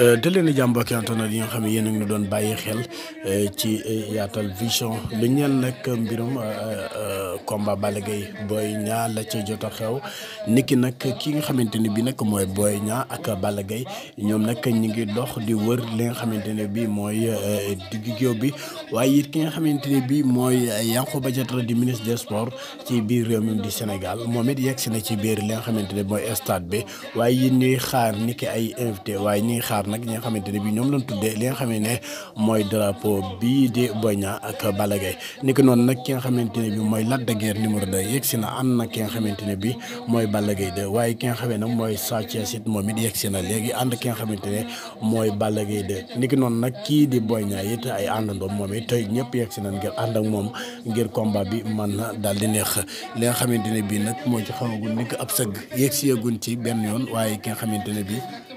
Euh, da leen a jàmm mbokki internet yi nga xam ne yéen a ngi doon bàyyi xel euh, ci euh, Yatal Vision lu ñeel nag mbirum combat Balla Gaye Boy Niang la ca jot a xew niki nag ki nga xamante ne bii nag mooy Boy Niang ak Balla Gaye ñoom nag ñu dox di wër li nga xamante ne bii mooy digg géew bi waaye it ki nga xamante ne bii mooy Yankhoba Diattara di ministre des sports ci biir réew mi di Sénégal moom it yegg si na ci biir li nga xamante ne mooy stade bi waaye it ñuy xaar niki ay invité waaye ñuy xaar. nag ñi nga xamante ne bi ñoom lañ tuddee li nga xam ne mooy drapeau bii di Boy Niang ak Balla ni ko noonu nag ki nga xamante ne bi mooy Lac de Guiers numéro 2 si na ànd na ki nga xamante ne bi mooy Balla Gaye 2 waaye ki nga xam ne mooy Sa Thiès it moom it yegg si na léegi ànd ki nga xamante ne mooy Balla Gaye noonu nag kii di Boy Niang it ay àndandoo moom it tey ñëpp yegg si na ngir ànd ak moom ngir combat bi man na daal di neex li nga xamante ne bi nag moo ci xamagul ni ab sëgg yegg si ci benn yoon waaye ki nga xamante ne bi